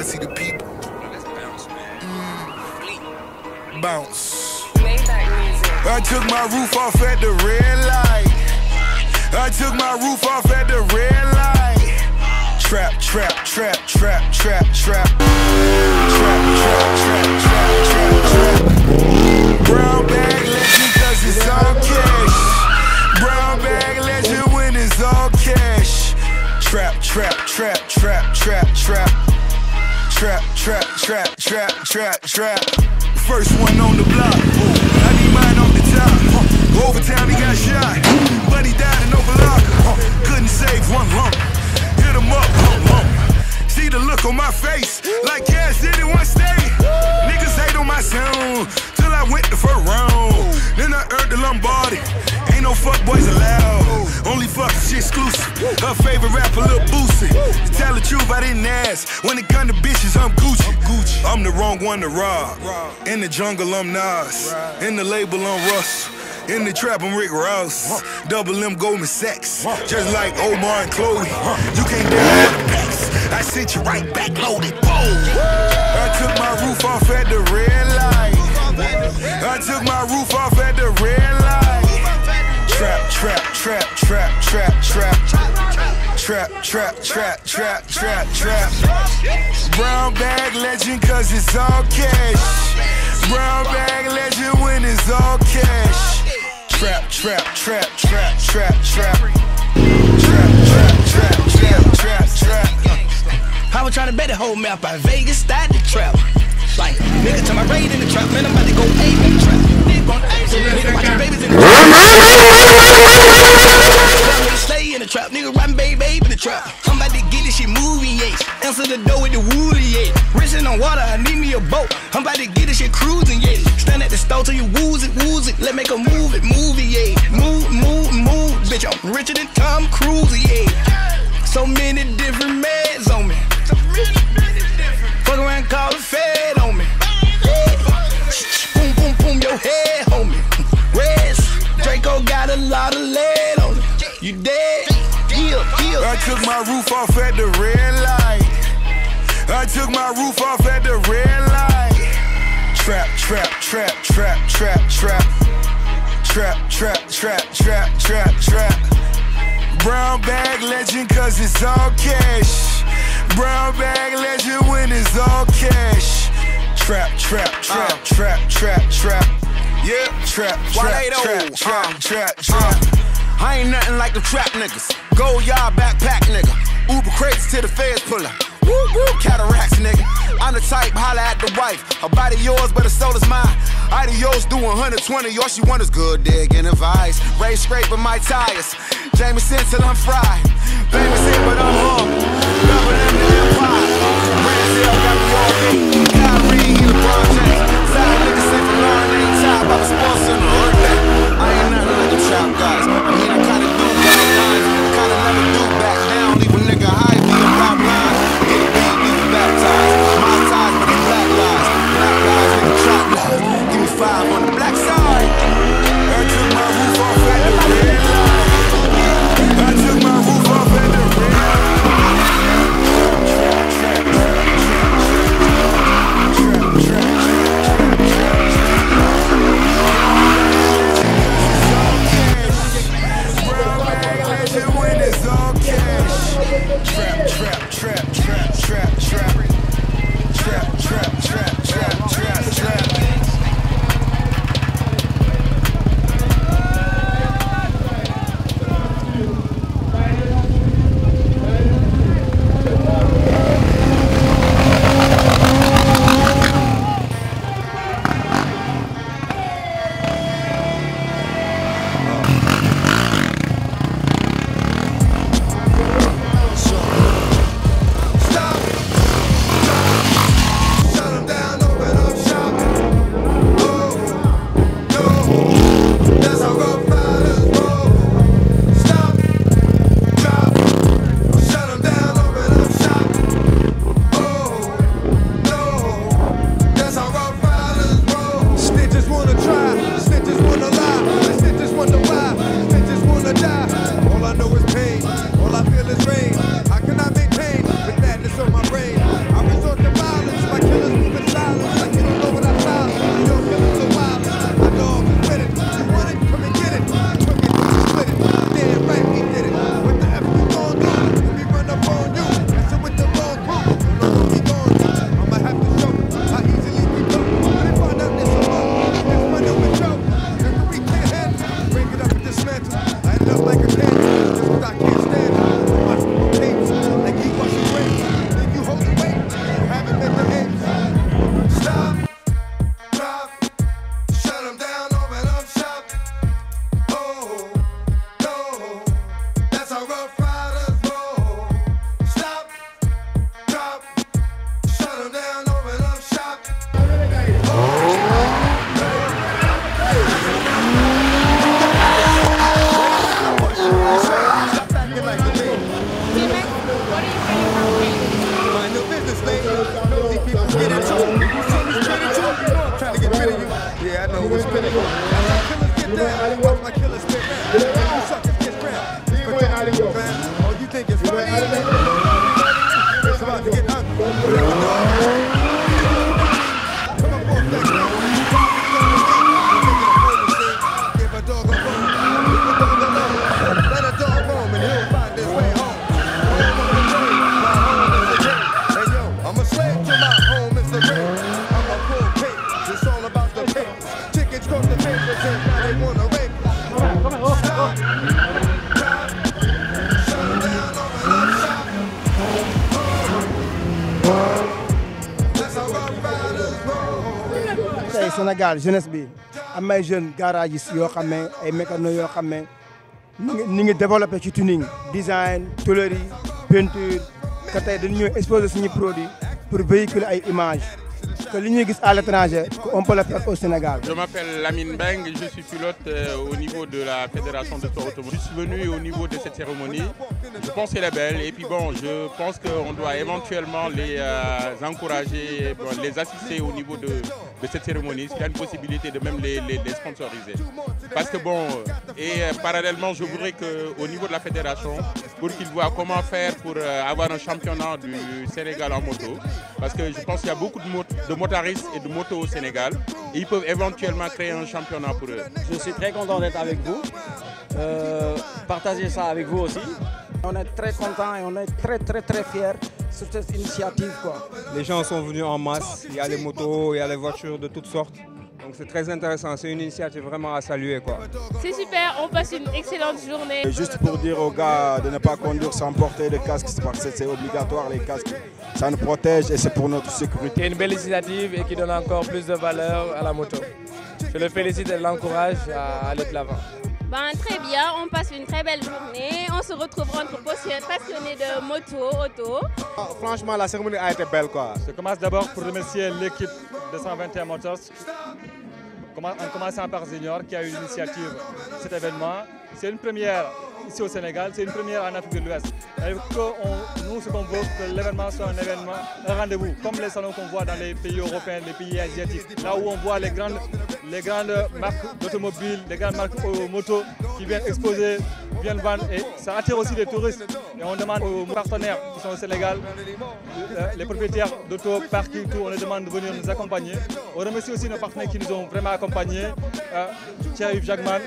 think I see the people. Mm. Bounce. I took my roof off at the red light. I took my roof off at the red light. Trap, trap, trap, trap, trap, trap. trap. Trap, trap. First one on the block. I need mine on the top. Huh. Overtime, he got shot. But he died in overlock. Couldn't save one lump. Hit him up, lump, lump. See the look on my face. Like, yeah, did it one stay. Niggas hate on my sound. Till I went the first round. Then I earned the Lombardi. Ain't no fuck boys allowed. Only fuck she exclusive. Her favorite rapper, Lil Boosie. To tell the truth, I didn't ask. When it come to bitches, I'm Gucci. I'm, Gucci. I'm the wrong one to rob. In the jungle, I'm Nas. In the label, I'm Russell. In the trap, I'm Rick Ross. Double M Goldman Sachs. Just like Omar and Chloe. You can't deny I sent you right back loaded. Boom! I took my roof off at the red light. I took my roof off Trap, trap, trap, trap, trap. Trap, trap, trap, trap, trap, trap. Brown bag legend, cause it's all cash. Brown bag legend when it's all cash. Trap, trap, trap, trap, trap, trap. Trap, trap, trap, trap, trap, trap. I was trying to bet the whole map by Vegas, start the trap. Like, nigga, turn my raid in the trap, man, I'm about to go ape trap. Nigga, on ape, nigga, watching babies in the trap trap. Nigga robbing baby, baby in the trap. I'm about to get this shit movin' yeah. Answer the door with the woolly yeah. Racing on water, I need me a boat. I'm about to get this shit cruising, yeah. Stand at the store till you woozy, woozy. Let make a move it, movie, yeah. Move, move, move, bitch. I'm richer than Tom Cruise, yeah. So many different meds on me. Fuck around, call the Fed on me. Yeah. Boom, boom, boom, your head, homie. Rest. Draco got a lot of lead on it. You dead? I took my roof off at the red light. I took my roof off at the red light. Trap, trap, trap, trap, trap, trap. Trap, trap, trap, trap, trap, trap. Brown bag legend, cause it's all cash. Brown bag legend when it's all cash. Trap, trap, trap, uh. trap, trap, trap. Yeah, trap, trap, trap, trap, trap, uh. trap. I ain't nothing like the trap niggas. Go yard backpack, nigga. Uber crates to the feds puller. Woo woo, cataracts, nigga. I'm the type, holla at the wife. Her body yours, but her soul is mine. Adios, do 120. All she want is good digging advice. Ray scraping my tires. Jameson till I'm fried. Famous but I'm home. Double the Empire. Ranzel got me all day. Kyrie, LeBron James. Trap, trap, trap, trap, trap, trap. Yeah, I know who pinnacle. Watch my killers get down. my killers get down. Sénégal jeunesse bi amay garages et ay mécano yo xamé ci tuning design tôlerie peinture te dañ produits pour véhiculer ay images que à l'étranger on peut le faire au Sénégal. Je m'appelle Lamine Beng, je suis pilote euh, au niveau de la Fédération de sport automobile. Je suis venu au niveau de cette cérémonie. Je pense qu'elle est belle et puis bon, je pense qu'on doit éventuellement les euh, encourager, les assister au niveau de, cette cérémonie. Il y a une possibilité de même les, les, sponsoriser. Parce que bon, et euh, parallèlement, je voudrais qu'au niveau de la fédération, pour qu'ils voient comment faire pour euh, avoir un championnat du Sénégal en moto. Parce que je pense qu'il y a beaucoup de, mot motaristes et de motos au Sénégal. ils peuvent éventuellement créer un championnat pour eux. Je suis très content d'être avec vous. Euh, partager ça avec vous aussi. On est très content et on est très très très fiers sur cette initiative. Les gens sont venus en masse, il y a les motos, il y a les voitures de toutes sortes c'est très intéressant, c'est une initiative vraiment à saluer. C'est super, on passe une excellente journée. juste pour dire aux gars de ne pas conduire sans porter le casque, parce que c'est obligatoire les casques. Ça nous protège et c'est pour notre sécurité. C'est une belle initiative et qui donne encore plus de valeur à la moto. Je le félicite et l'encourage à aller de l'avant. Ben, très bien, on passe une très belle journée. On se retrouvera entre passionnés de moto, auto. Franchement, la cérémonie a été belle. Quoi. Je commence d'abord pour remercier l'équipe de 121 Motors en commençant par Junior qui a eu l'initiative de cet événement. C'est une première ici au Sénégal, c'est une première en Afrique de l'Ouest. Nous, ce qu'on veut, que l'événement soit un événement, un rendez-vous, comme les salons qu'on voit dans les pays européens, les pays asiatiques, là où on voit les grandes, les grandes marques d'automobiles, les grandes marques moto qui viennent exposer et ça attire aussi des touristes. Et on demande aux partenaires qui sont au Sénégal, euh, les propriétaires d'auto, parking, tout, on les demande de venir nous accompagner. On remercie aussi nos partenaires qui nous ont vraiment accompagnés, euh, Thierry Jagman,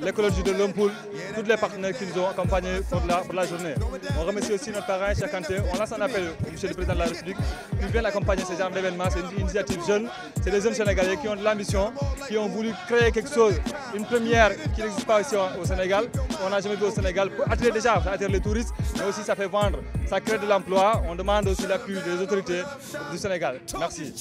l'écologie de Lompoul, tous les partenaires qui nous ont accompagnés pour la, journée. On remercie aussi notre parrain Chakante, On lance un appel au Monsieur le Président de la République qui vient accompagner ce genre d'événement. C'est une initiative jeune. C'est des jeunes Sénégalais qui ont de l'ambition, qui ont voulu créer quelque chose, une première qui n'existe pas ici au Sénégal on n'a jamais vu au Sénégal, pour attirer déjà, attirer les touristes, mais aussi ça fait vendre, ça crée de l'emploi. On demande aussi l'appui des autorités du Sénégal. Merci.